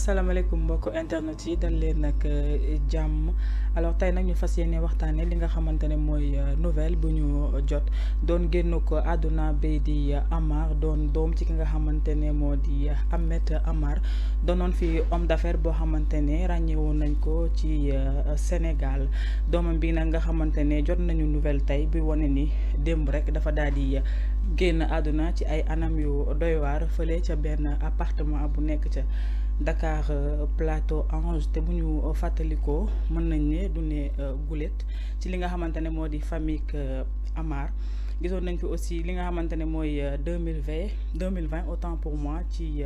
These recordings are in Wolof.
asalaamaaleykum mbokk internet yi dal leen nag eh, jàmm alors tey nag ñu fas yéene waxtaanee li nga xamante ne mooy eh, nouvelle bu ñu jot doon génn ko àdduna bay di Amar doon doom ci ki nga xamante ne moo di Ahmed Amar doonoon fi homme d'affaires boo xamante ne ràññewoon nañ ko ci eh, Sénégal doomam bi nag nga xamante ne jot nañu nouvelle tey bi wane ni démb rek dafa daal di génn àdduna ci ay anam yu doy waar fële ca benn appartement bu nekk ca. Dakar euh, Plateau Ange te buñu ñu euh, fàttalikoo mën nañ ne du ne euh, gulet ci li nga xamantene modi moo Amar gisone nañ fi aussi li nga xamantene moy 2020 2020 autant pour moi ci.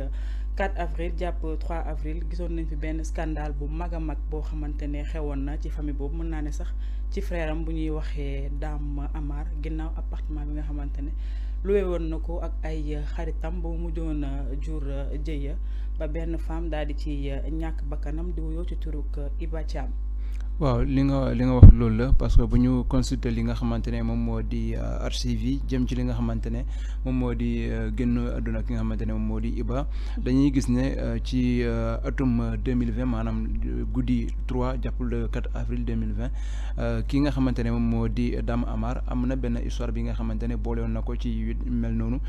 4 avril japp 3 avril gisone nañ fi ben scandale bu maga mag bo xamantene xewon na ci famille bobu mën na ne sax ci fréram bu ñuy waxee Dame Amar ginnaw appartement bi nga xamantene ne luwe nako ak ay xaritam bo mu mujjoon jur jeeya ba benn femme daal di ci euh, ñàkk bakkanam di wuyoo ci turuk euh, Iba waaw li nga li nga wax loolu la parce que bu ñu consulter li nga xamante ne moom moo di euh, archive jëm ci li nga xamante ne moom moo di euh, génn àdduna ki nga xamante ne moom moo di Iba dañuy gis ne euh, ci atum deux mille vingt maanaam guddi trois jàpp le quatre deux mille vingt ki nga xamante ne moom moo di Dame Amar am na benn histoire bi nga xamante ne boolewoon na ko ci yu mel noonu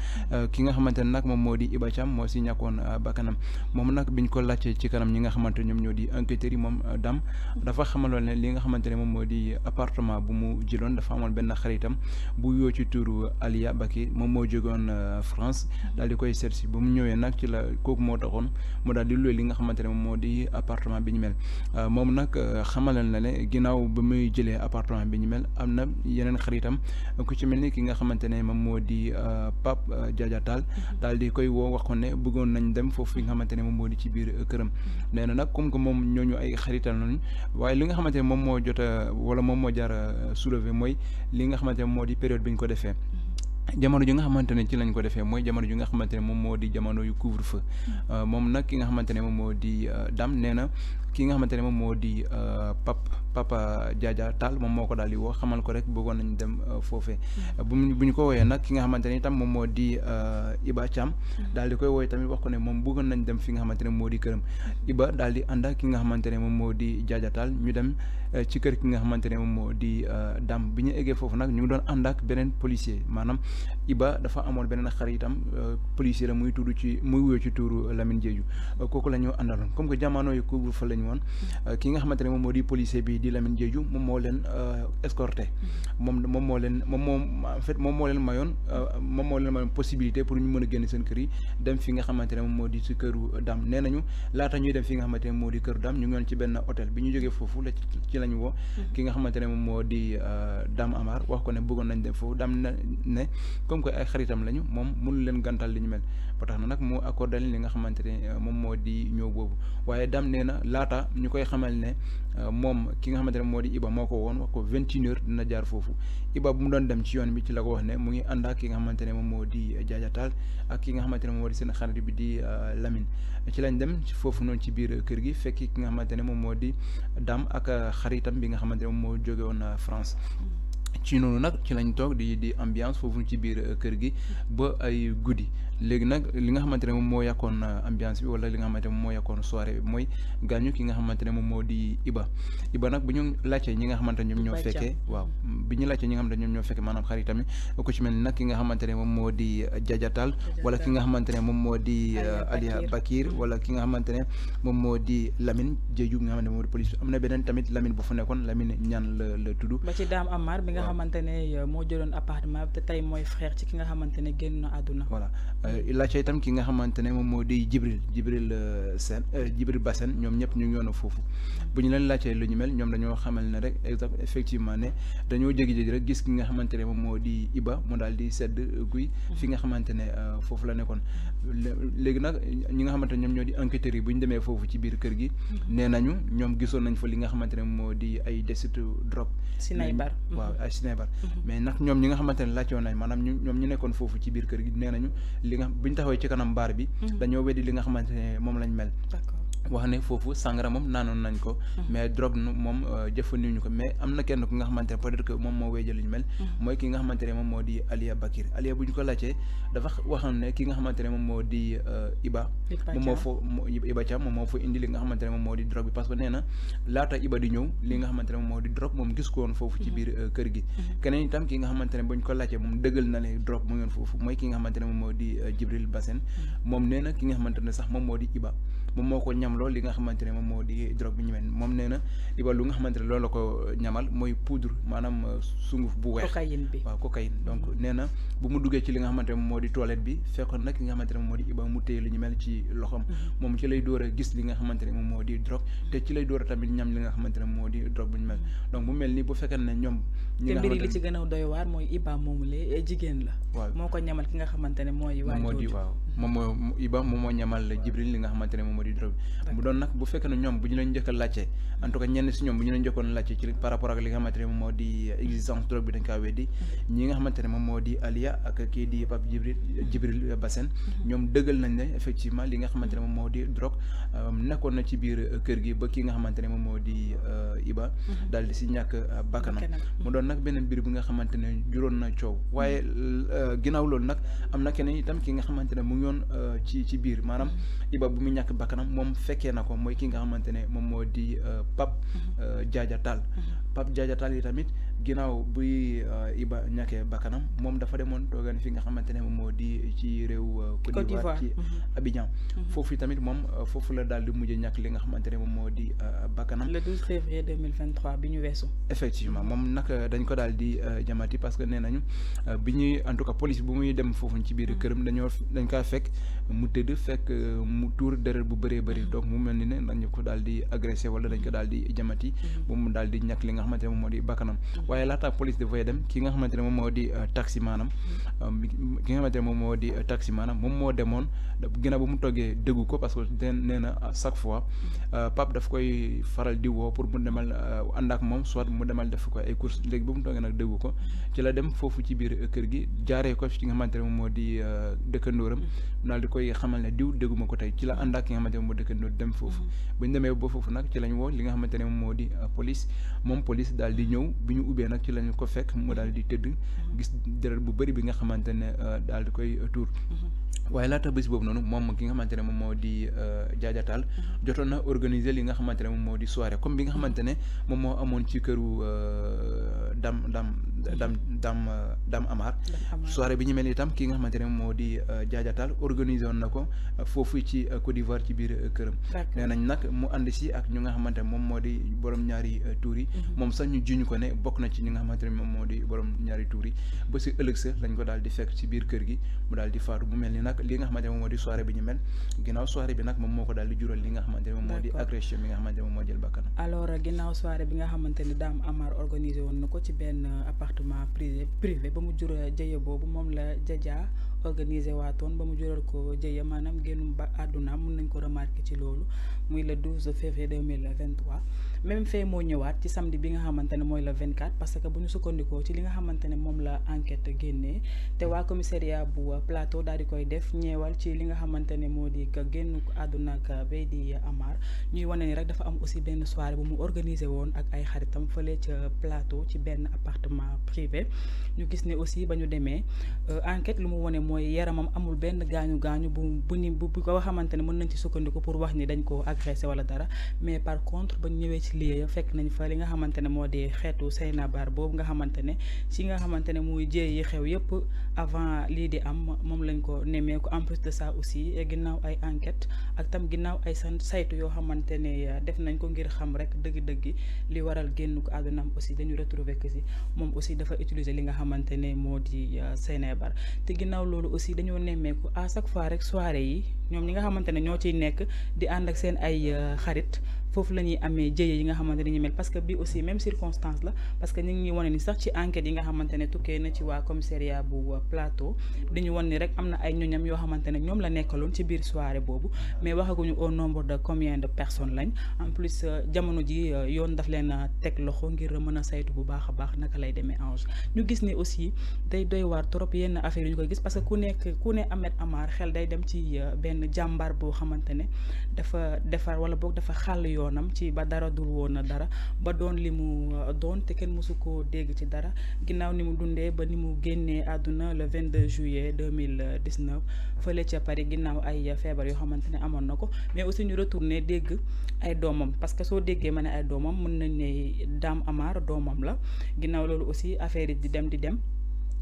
ki nga xamante ne nag moom moo di Iba moo si ñàkkoon bakkanam moom nag biñ ko laajte ci kanam ñi nga xamante ñoom ñoo di enquêteurs yi moom dam dafa xamal xamaloon ne li nga xamante ne moom moo di appartement bu mu jëloon dafa amoon benn xaritam bu yoo ci turu Aliya Baki moom moo jógoon euh, France di koy seet ba mu ñëwee nag ci la kooku moo taxoon mu daal di luwe li nga xamante ne moom moo di appartement bi ñu mel euh, moom nag euh, xamaloon na ne ginnaaw ba muy jëlee appartement bi ñu mel am na yeneen xaritam ku ci mel ni ki nga xamante ne moom moo di Pape Diadia Tall mm-hmm. daal di koy woo waxoon ne bëggoon nañ dem foofu fi nga xamante ne moom moo di ci biir këram nee nag comme que moom ñooñu ay xaritam lañ waaye li nga xamante moom moo jot a moom moo jar a mooy li nga xamante ne moo di période bi ñu ko defee. Mm-hmm. jamono ji nga xamante ne ci lañ ko defee mooy jamono ji nga xamante ne moom moo di jamono yu couvre feu mm-hmm. euh, moom nag ki nga xamante ne moom moo di euh, dam nee na ki nga xamantene mom modi euh, pap papa jaja tal mom moko ko daal di woo xamal ko rek bëggon nañ dem euh, fofé mm-hmm. buñ ko woyé nak ki nga xamantene tam mom modi euh, Iba cham mm-hmm. dal di koy woyé tamit wax ko né mom bëggon nañ dem fi nga xamantene modi kërëm mm-hmm. Iba dal di anda ki nga xamantene mom modi jaja di ñu dem ci kër ki nga xamantene mom modi dam biñu éggé fofu nak ñu doon andak benen policier manam Iba dafa amone benen xaritam policier la muy tuddu ci muy wuyoo ci touru Lamine Diédhiou koku la ñu comme que jamono yu kubu fa lañu woon euh, ki nga xamante ne moom moo di policier bi di Lamine Diédhiou moom moo leen euh, escorté moom moom moo leen moom fait moom moo leen mayoon euh, moom moo leen mayoon possibilité pour ñu mën a génn seen kër yi dem fi nga xamante ne moom moo di si këru dam nee nañu laata ñuy dem fi nga xamante ne moo di këru dam ñu ngeen ci benn hôtel bi ñu jógee foofu la ci lañu woo mm-hmm. ki nga xamante ne moom moo di dam amaar wax ko ne bëggoon nañ dem foofu dam na ne comme que ay xaritam lañu moom mënu leen gantal li ñu mel ba tax na nag moo accordé li nga xamante ne euh, moom moo di ñëw boobu waaye dam nee na laata ñu koy xamal ne euh, moom ki nga xamante ne moo di Iba moo ko woon wax ko vingt une heures dina jaar foofu Iba bu mu doon dem ci yoon bi ci la ko wax ne mu ngi ànd ak xamante ne moom moo di jaajataal ak ki nga xamante ne moom moo seen xarit bi di euh, Lamine ci lañ dem foofu noonu ci biir kër gi fekk ki nga xamante ne moom moo di dam ak xaritam bi nga xamante ne moom moo jóge woon France ci noonu nag ci lañ toog di di ambiance foofu ci biir kër gi ba ay guddi léegi nag li nga xamante ne moom moo yàqoon ambiance bi wala li nga xamante ne moo yàqoon soirée mooy gaañu ki nga xamante ne moom moo di Iba Iba nag bu ñu laajtee ñi nga xamante ne ñoom ñoo fekkee waaw bi ñu laajtee ñi nga xamante ne ñoom ñoo fekkee maanaam xaritam yi ku ci mel nag ki nga xamante ne moom moo di jajatal wala ki nga xamante ne moom moo di Alia Bakir wala ki nga xamante ne moom moo di Lamine Diédhiou nga xamante ne moo di police am na beneen tamit lamin bu fu nekkoon Lamine ñaan la la tudd ba ci Dame Amar bi nga xamante ne moo jëloon appartement te tey mooy frère ci ki nga xamante ne génn na àdduna voilà Euh, laajte itam ki nga xamante ne moom moo di Jibril Jibril euh, Sène euh, Jibril Bassène ñoom ñëpp ñu ngi yoon foofu bu ñu leen laajtee lu ñu mel ñoom dañoo xamal ne rek effectivement ne dañoo jégi-jégi rek gis ki nga xamante ne moom moo di Iba moo daal di sedd guy fi nga xamante ne foofu la nekkoon léegi nag ñi nga xamante ñoom ñoo di enquêteurs yi bu ñu demee foofu ci biir kër gi mhm. nee nañu ñoom gisoon nañ fa li nga xamante ne moo di ay desitu drop Sinaybar waaw ay Sinaybar mm-hmm. mais nag ñoom ñi nga xamante ne laajte woon nañ maanaam ñoom ñu nekkoon foofu ci biir kër gi nee nañu li nga bu taxawee ci kanam baar bi mm-hmm. dañoo weddi li nga xamante ne moom lañ mel wax ne foofu sangara moom naanoon nañ ko. Mm-hmm. mais drogue moom euh, jëfandikuñu ko mais am na kenn ku nga xamante ne peut-être que moom moo wéy jël li ñu mel. Mm-hmm. mooy ki nga xamante moom moo di Aliya Bakir Aliya bu ñu ko laajtee dafa waxoon ne ki nga xamante ne moom moo di euh, Iba. moom moo fo Iba Thiam moom moo fa indi gis ko foofu ci mm-hmm. biir euh, kër gi. keneen itam ki nga xamante ne ko laajtee moom dëggal na leen drogue mu ngi foofu mooy ki nga xamante moom moo di Jibril Bassène moom nee na nga xamante sax moom moo di Iba moom moo ko ñam lool li nga xamante ne moom moo di drogue bi ñu men moom nee na li ba lu nga xamante ne loolu la ko ñamal mooy poudre maanaam sunguf bu weex cocaïne bi nee na bu mu duggee ci li nga xamante ne moom moo di toilette bi fekkoon nag li nga xamante ne moo di mu téye li ñu mel ci loxoom mm-hmm. moom ci lay door gis li nga xamante ne moom moo di drogue ci lay door tamit ñam li nga xamante ne moo di drogue mel mm-hmm. donc mu mel ni bu fekkee ne ñoom ñi nga xamante ne li ci gën a doy waar mooy jigéen la waaw moo ko ñamal ki nga xamante ne mooy waa jooju waaw moom Iba moom ñamal Jibril li nga xamante ne moom nak di drop bu doon nag bu fekkee ne ñoom bu ñu leen njëkk a laajte en tout cas ñenn si ñoom bu leen njëkkoon laajte ci par rapport ak li nga di existence drogue bi dañ kaa weddi mhm. ñi nga di alia ak kii di Jibril Jibril Bassène mhm. ñoom dëggal nañ ne effectivement li nga xamante ne di drogue euh, nekkoon na ci biir euh, kër gi ba ki nga xamante ne di euh, Iba mhm. daal di si ñàkk bakkanam mu doon nag beneen mbir bi nga xamante ne na coow waaye ginnaaw loolu nag am na keneen itam ki nga xamante mu ngi yoon euh, ci ci biir maanaam Iba bu mu ñàkk bakkanam moom fekkee na ko mooy ki nga xamante ne moom moo di euh, Pape mm-hmm. euh, Diadia Tall mm-hmm. Pape Diadia Tall yi tamit ginnaaw buy Iba ñàkkee bakkanam moom dafa demoon toogaan fi nga xamante ne moom moo di ci réew Côte d'Ivoire ci mm-hmm. Abidjan foofu tamit moom foofu la daal di mujj ñàkk li nga xamante ne moom moo di bakkanam le 12 février 2023 bi ñu weesu effectivement moom nag dañ ko daal jamati parce que nee nañu bi ñuy en tout cas police bu muy dem foofu ci biir këram dañoo dañ kaa fekk fekk mu tëdd fekk euh, mu tuur deret bu bëree bëri mm-hmm. donc mu mel ni ne dañu ko daal di agressé wala dañ ko daal di jamati mm-hmm. ba di ñàkk li nga xamante ne moom moo di bakkanam mm-hmm. waaye laata police dafay dem ki nga ne moom moo di euh, taxi maanaam euh, ki moom moo di taxi maanaam moom moo demoon ginnaaw ba mu toggee déggu ko parce que den nee na chaque fois Pape daf koy faral di woo pour mu demal ànd ak moom soit mu demal def ko ay courses léegi ba mu toggee nag déggu ko ci la dem foofu ci biir kër gi jaaree ko ci nga xamante ne moom moo di dëkkandóoram mu daal di koy xamal ne diw dégguma ko tey ci la ànd ak ki nga xamante ne moo dëkkandoo dem foofu mm-hmm. bu ñu demee ba foofu ci lañ woo li nga xamante ne di euh, police moom police daal di ñëw bi ñu ubbee nag ci lañ ko fekk mu daal di tëdd mm-hmm. gis deret bu bëri bi nga xamante ne euh, daal di koy euh, tuur mm-hmm. waaye laata bés boobu noonu moom ki nga xamante ne moom moo di jaajataal jotoon na organiser li nga xamante ne moom di soirée comme bi nga xamante ne moom moo ci këru dam dam dam dam dam amar soirée bi ñu mel itam ki nga xamante ne moom moo di jaajataal organisé on nako fofu ci Côte d'Ivoire ci biir kërëm nee nañ mu and ci ak ñu nga xamante mom modi di borom ñaari euh, touri mom mhm. sax ñu juñu ko ne bok na ci ñi nga mom modi borom ñaari touri ba si ëlëk sa lañ ko dal di fekk ci biir kër gi mu dal di faatu mu mel nak li nga xamante mom modi soirée bi ñu mel ginaaw soirée bi nak mom moko dal di jural li nga xamante mom modi agression bi nga xamante mom mo jël bakkan alors euh, ginaaw soirée bi nga Dame Amar organisé won nako ci ben euh, appartement privé privé ba mu jura bobu mom la jaja organisé waatoon ba mu jural ko jëye maanaam génnum ba àddunaam mun nañ ko remarqué ci loolu muy le 12 février 2023 même fait mo ñëwaat ci samedi bi nga xamantene moy le 24 parce que bu ñu sukkandikoo ci li nga xamantene mom la enquête génnee té wa commissariat bu plateau daal di koy def ñëwal ci li nga xamantene modi ka di aduna ka ak di Amar ñuy wone ni rek dafa am aussi ben soirée bu mu organiser won ak ay xaritam feulé ci plateau ci ben appartement privé ñu gis né aussi bañu démé demee euh, enquête lu mu wone moy yaramam amul ben gañu gañu bu bu bu ko xamantene ne mën nañ ci sukkandiko pour wax ni dañ ko agresser wala dara mais par contre ba ñëwee ci lieu ya fekk nañ fa li nga xamante ne moo di xeetu Seyna bar boobu nga xamante ne ci nga xamante ne muy jéey yi xew yépp avant lii di am moom lañ ko nemmeeku en plus de ça aussi ginnaaw ay enquête ak tam ginnaaw ay sant saytu yoo xamante ne euh, def nañ ko ngir xam rek dëgg li waral génn ko àddunaam aussi dañu retrouver que si moom aussi dafa utiliser li nga xamante ne moo di euh, Seyna bar te ginnaaw loolu aussi dañoo nemmeeku à chaque fois rek soirée yi ñoom ñi nga xamante ne ñoo ciy nekk di ànd ak seen ay euh, xarit foofu la ñuy amee jëye yi nga xamante ne ñu mel parce que bi aussi même circonstance la parce que ñu ngi ñuy wane ni sax ci enquête yi nga xamante ne tukkee na ci waa commissariat bu euh, plateau dañu wan ni rek am na ay ñoñam yoo xamante ne ñoom la nekkaloon ci biir soirée boobu mais waxaguñu au nombre de combien de personnes lañ en plus euh, jamono ji euh, yoon daf leen teg loxo ngir mën a saytu bu baax a baax naka lay demee ange ñu gis ni aussi day doy waar trop yenn affaire yu ñu ko gis parce que ku nekk ku ne Ahmed Amar xel day dem ci benn jàmbaar boo xamante ne dafa defar wala boog dafa xàll yoon yoonam ci ba dara dul woon a dara ba doon li mu euh, doon te kenn mosu koo dégg ci dara ginnaaw ni mu dundee ba ni mu génnee àdduna le deux juillet 2019 fële ca Paris ginnaaw ay feebar yoo xamante ne amoon na ko mais aussi ñu retourné dégg ay doomam parce que soo déggee ma ne ay doomam mën nañ ne Dame Amar doomam la ginnaaw loolu aussi affaire yi di dem di dem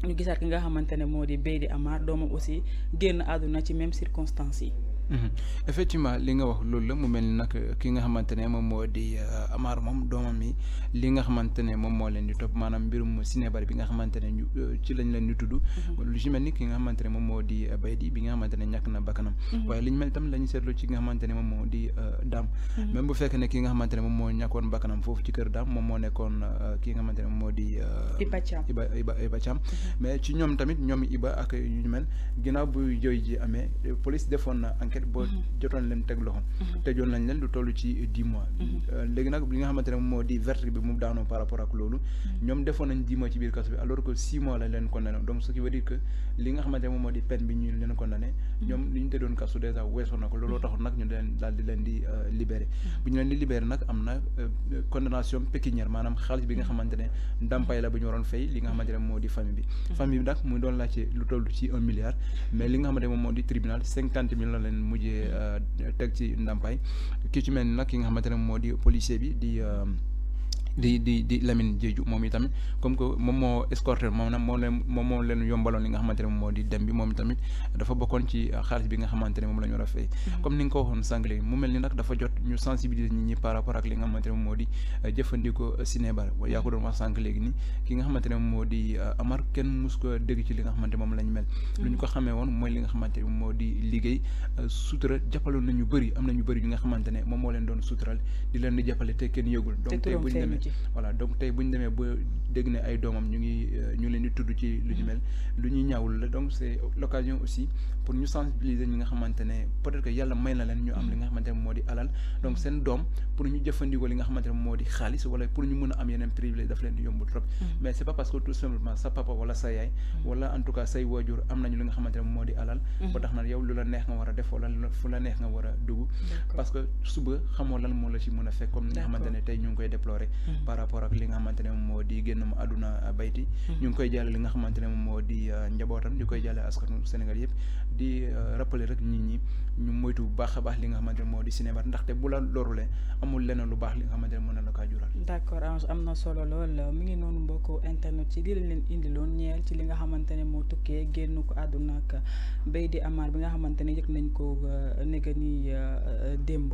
ñu gisaat ki nga xamante ne moo di di Amar doomam aussi génn àdduna ci même circonstances yi Mhm. effectivement li nga wax loolu la mu mel ni nag euh, ki nga xamante moom moo di euh, Amar moom doomam yi li nga xamante ne moom moo leen di topp maanaam mbirum sinébar bi nga xamante ñu euh, ci lañ leen mhm. moom moo di Baydi bi nga xamante ne la mhm. ñu seetlu ci ki nga xamante ne moom moo di Dame. même bu fekkee ne ki nga xamante ne moom moo ñàkkoon bakkanam foofu ci kër Dame moom moo nekkoon ki nga xamante moom moo di. Iba Thiam Iba Iba Iba Thiam mais ci ñoom tamit ñoom Iba ak yu ñu mel ginnaaw bu yooyu ji amee police defoon na enquête enquête ba mhm. jotoon leen teg loxo mhm. te joon nañ leen lu toll ci dix mois mhm. euh, léegi nag li nga xamante ne moo moom di peine maanaam xaalis bi nga xamante ne ndàmpaay la bu ñu waroon fay li nga xamante ne moo di famille bi famille bi nag mu doon laajte lu toll ci un milliard mais li nga xamante moom di tribunal cinquante millions mujjee euh, teg ci ndàmpaay ki ci mel nag ki nga di policier bi di euh, di di di Lamine Diédhiou moom momi comme que momo moo escorter momo na moo leen moom moo leen li nga di dem bi moom itamit dafa bokkoon ci euh, xaalis bi nga xamante ne moom la mm-hmm. comme ni ko waxoon sànq momo mu mel ni dafa jot ñu sensibiliser nit ñi par rapport ak li nga di euh, jëfandikoo Sénégal mm-hmm. yaa ko doon wax sànq léegi ni ki nga xamante ne di euh, Amar musko mus ko dégg ci li nga mel mm-hmm. lu ko xamee won momo li nga xamante ne di liggéey sutura jàppaloon nañu bëri am nañu bëri ñi nga xamante ne moom moo doon sutural di di jàppale te kenn yëgul donc tey bu ci. voilà donc tey bu ñu demee ba dégg ne ay domam ñu ngi euh, ñu leen di tudd ci lu ñu mm-hmm. mel lu ñuy ñaawul la donc c' est l'occasion aussi pour ñu sensibiliser ñi nga peut-être que may na leen ñu am li mm-hmm. nga alal donc sendom, doom pour ñu jëfandikoo li nga xamante ne moo di xaalis wala pour ñu mën a am yeneen privilège daf leen di yomb trop mm-hmm. mais pas parce que tout simplement sa papa wala sa yaay wala en tout cas say waajur am nañu li nga alal ba tax na yow lu la neex nga war def wala fu la neex nga war dugg parce que suba xamoo lan moo la ci mën fekk comme nga xamante ne ñu ngi koy déplorer par rapport ak li nga génn ma àdduna euh, bayti mm-hmm. ñu ngi koy jàlle li nga xamante ne moom moo di euh, njabootam euh, a baax ndaxte bu la lorule amul leneen lu baax li nga xamante mi ngi noonu mbokku internet yi di leen leen indiloon li nga xamante ne moo tukkee génn ko àdduna ak bay di bi nga xamante ne ni démb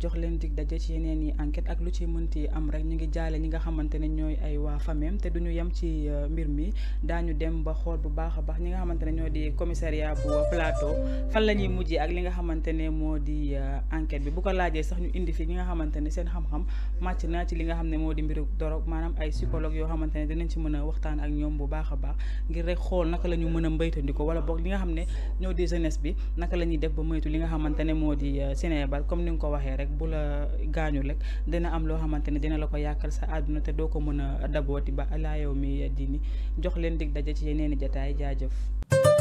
jox leen dig daje ci yeneen yi enquête ak lu ci mënti am rek ñu ngi jaale ñi nga xamante ñooy ay waa famille même te duñu yem ci euh, mbir mi daañu dem ba xool bu baax a baax ñi nga xamante ne ñoo di commissariat bu plateau fan la ñuy mujjee ak li nga xamante ne moo di euh, enquête bi bu ko laajee sax ñu indi fi ñi nga xamante ne seen xam-xam màcc na ci li nga xam ne moo di mbiru dorog maanaam ay psychologue yoo xamante ne dinañ ci mën a waxtaan ak ñoom bu baax a baax ngir rek xool la ñu mën a mbaytandiko wala boog li nga xam ne ñoo di bi naka la ñuy def ba moytu li nga xamante ne moo di euh, Sénégal comme ni nga ko waxee rek bu la gaañu rek dina am loo xamante dina la ko yàkkal sa àdduna te doo ko mën a dabooti ba alaa yow mi yeddini jox leen dig daje ci yeneeni jataay jaajëf